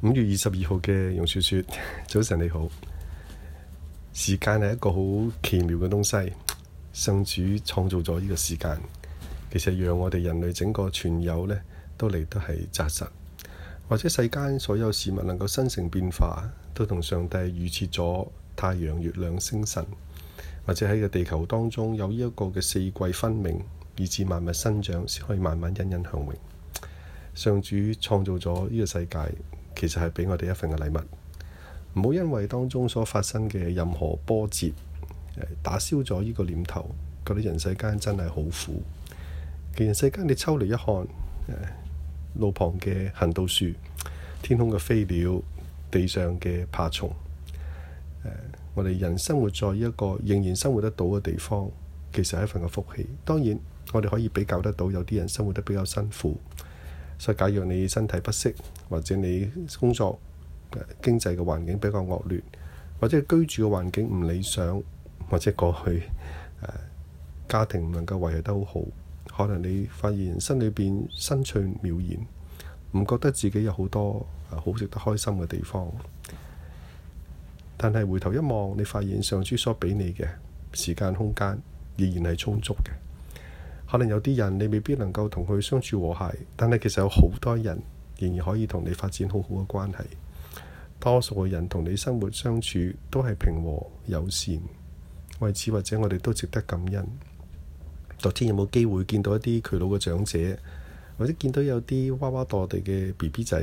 五月二十二號嘅容雪雪，早晨你好。時間係一個好奇妙嘅東西，上主創造咗呢個時間，其實讓我哋人類整個存有呢都嚟得係紮實，或者世間所有事物能夠生成變化，都同上帝預設咗太陽、月亮、星辰，或者喺個地球當中有呢一個嘅四季分明，以至萬物生長先可以慢慢欣欣向榮。上主創造咗呢個世界。其實係俾我哋一份嘅禮物，唔好因為當中所發生嘅任何波折，打消咗呢個念頭，覺得人世間真係好苦。其實人世間你抽離一看，路旁嘅行道樹、天空嘅飛鳥、地上嘅爬蟲，我哋人生活在一個仍然生活得到嘅地方，其實係一份嘅福氣。當然，我哋可以比較得到，有啲人生活得比較辛苦。所假若你身體不適，或者你工作經濟嘅環境比較惡劣，或者居住嘅環境唔理想，或者過去、啊、家庭唔能夠維持得好好，可能你發現心裏邊心趣渺然，唔覺得自己有好多好值得開心嘅地方。但係回頭一望，你發現上主所俾你嘅時間空間，依然係充足嘅。可能有啲人你未必能夠同佢相處和諧，但係其實有好多人仍然可以同你發展好好嘅關係。多數嘅人同你生活相處都係平和友善，為此或者我哋都值得感恩。昨天有冇機會見到一啲佢老嘅長者，或者見到有啲娃娃墮地嘅 BB 仔，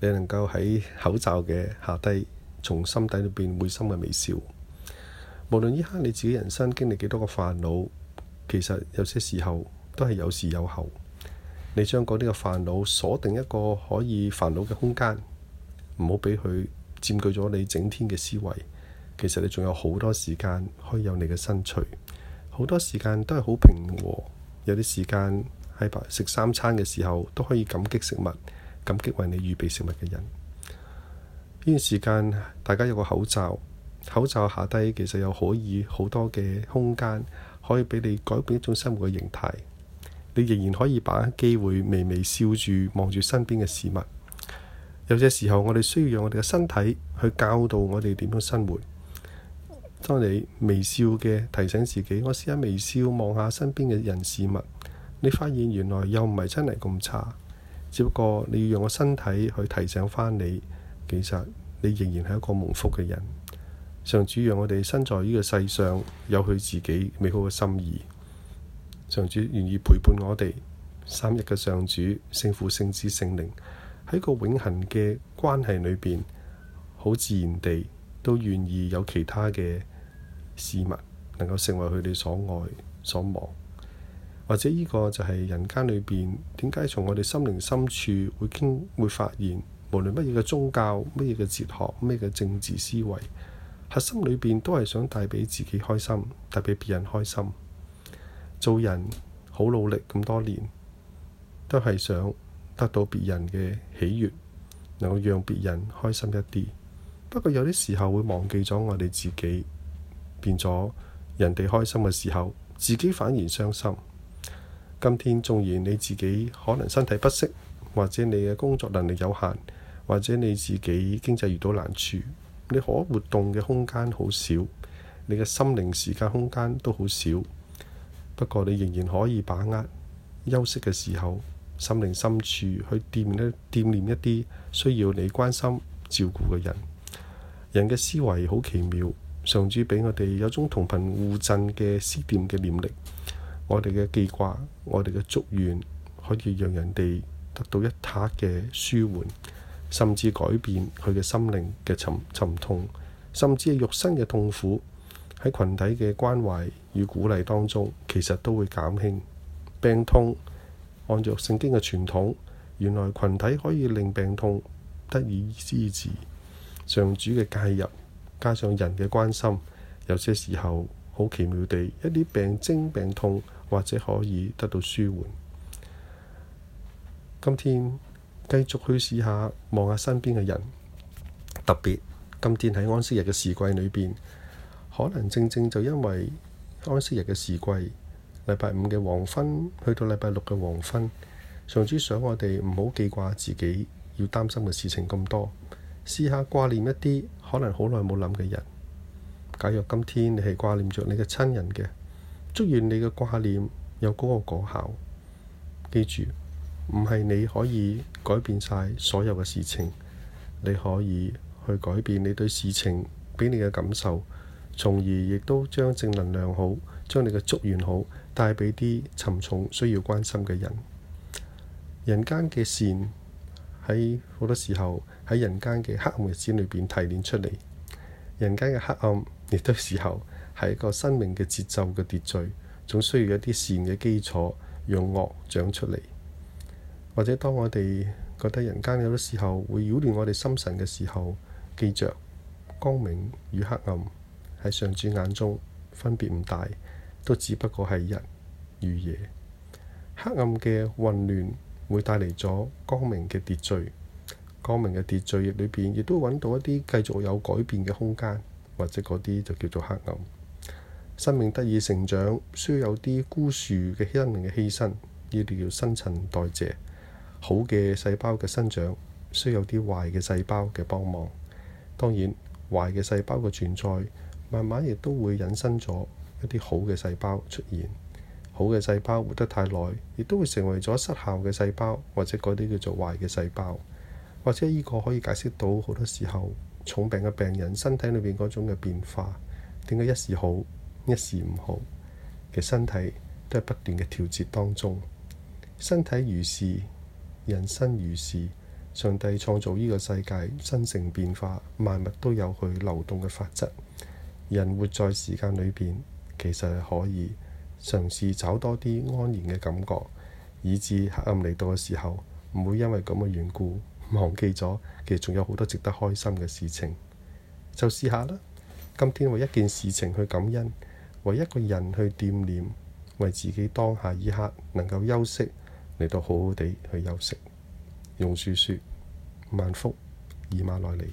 你能夠喺口罩嘅下低，從心底裏邊會心嘅微笑。無論依刻你自己人生經歷幾多個煩惱。其實有些時候都係有時有候，你將嗰啲嘅煩惱鎖定一個可以煩惱嘅空間，唔好俾佢佔據咗你整天嘅思維。其實你仲有好多時間可以有你嘅興趣，好多時間都係好平和。有啲時間喺白食三餐嘅時候，都可以感激食物，感激為你預備食物嘅人。呢段時間，大家有個口罩，口罩下低，其實又可以好多嘅空間。可以俾你改變一種生活嘅形態，你仍然可以把握機會，微微笑住望住身邊嘅事物。有些時候，我哋需要讓我哋嘅身體去教導我哋點樣生活。當你微笑嘅提醒自己，我試下微笑望下身邊嘅人事物，你發現原來又唔係真係咁差，只不過你要用個身體去提醒返你，其實你仍然係一個蒙福嘅人。上主讓我哋身在呢個世上，有佢自己美好嘅心意。上主願意陪伴我哋三日嘅上主聖父、聖子、聖靈，喺個永恒嘅關係裏邊，好自然地都願意有其他嘅事物能夠成為佢哋所愛所望，或者呢個就係人間裏邊點解從我哋心靈深處會經會發現，無論乜嘢嘅宗教、乜嘢嘅哲學、咩嘅政治思維。核心裏邊都係想帶俾自己開心，帶俾別人開心。做人好努力咁多年，都係想得到別人嘅喜悦，能夠讓別人開心一啲。不過有啲時候會忘記咗我哋自己，變咗人哋開心嘅時候，自己反而傷心。今天縱然你自己可能身體不適，或者你嘅工作能力有限，或者你自己經濟遇到難處。你可活動嘅空間好少，你嘅心靈時間空間都好少。不過你仍然可以把握休息嘅時候，心靈深處去掂一掂念一啲需要你關心照顧嘅人。人嘅思維好奇妙，上主俾我哋有種同頻互震嘅思念嘅念力，我哋嘅記掛，我哋嘅祝願，可以讓人哋得到一塔嘅舒緩。甚至改變佢嘅心靈嘅沉沉痛，甚至係肉身嘅痛苦，喺群體嘅關懷與鼓勵當中，其實都會減輕病痛。按照聖經嘅傳統，原來群體可以令病痛得以支持。上主嘅介入，加上人嘅關心，有些時候好奇妙地，一啲病徵、病痛或者可以得到舒緩。今天。繼續去試下望下身邊嘅人，特別今天喺安息日嘅時季裏邊，可能正正就因為安息日嘅時季，禮拜五嘅黃昏去到禮拜六嘅黃昏，上主想我哋唔好記掛自己要擔心嘅事情咁多，試下掛念一啲可能好耐冇諗嘅人。假若今天你係掛念着你嘅親人嘅，祝願你嘅掛念有嗰個果效。記住，唔係你可以改變晒所有嘅事情，你可以去改變你對事情俾你嘅感受，從而亦都將正能量好，將你嘅祝願好帶俾啲沉重需要關心嘅人。人間嘅善喺好多時候喺人間嘅黑暗日子裏邊提煉出嚟。人間嘅黑暗亦都時候係一個生命嘅節奏嘅秩序，總需要一啲善嘅基礎，用惡長出嚟。或者當我哋覺得人間有啲時候會擾亂我哋心神嘅時候，記着光明與黑暗喺上主眼中分別唔大，都只不過係日與夜。黑暗嘅混亂會帶嚟咗光明嘅秩序，光明嘅秩序裏邊亦都揾到一啲繼續有改變嘅空間，或者嗰啲就叫做黑暗。生命得以成長，需要有啲孤樹嘅生命嘅犧牲，呢啲叫新陳代謝。好嘅細胞嘅生長，需要有啲壞嘅細胞嘅幫忙。當然，壞嘅細胞嘅存在慢慢亦都會引申咗一啲好嘅細胞出現。好嘅細胞活得太耐，亦都會成為咗失效嘅細胞，或者嗰啲叫做壞嘅細胞。或者呢個可以解釋到好多時候重病嘅病人身體裏邊嗰種嘅變化，點解一時好一時唔好，其實身體都係不斷嘅調節當中。身體如是。人生如是，上帝創造呢個世界，生成變化，萬物都有佢流動嘅法則。人活在時間裏邊，其實係可以嘗試找多啲安然嘅感覺，以至黑暗嚟到嘅時候，唔會因為咁嘅緣故忘記咗。其實仲有好多值得開心嘅事情，就試下啦。今天為一件事情去感恩，為一個人去惦念，為自己當下一刻能夠休息。你都好好地去休息，榕樹說：「萬福，姨媽來嚟。」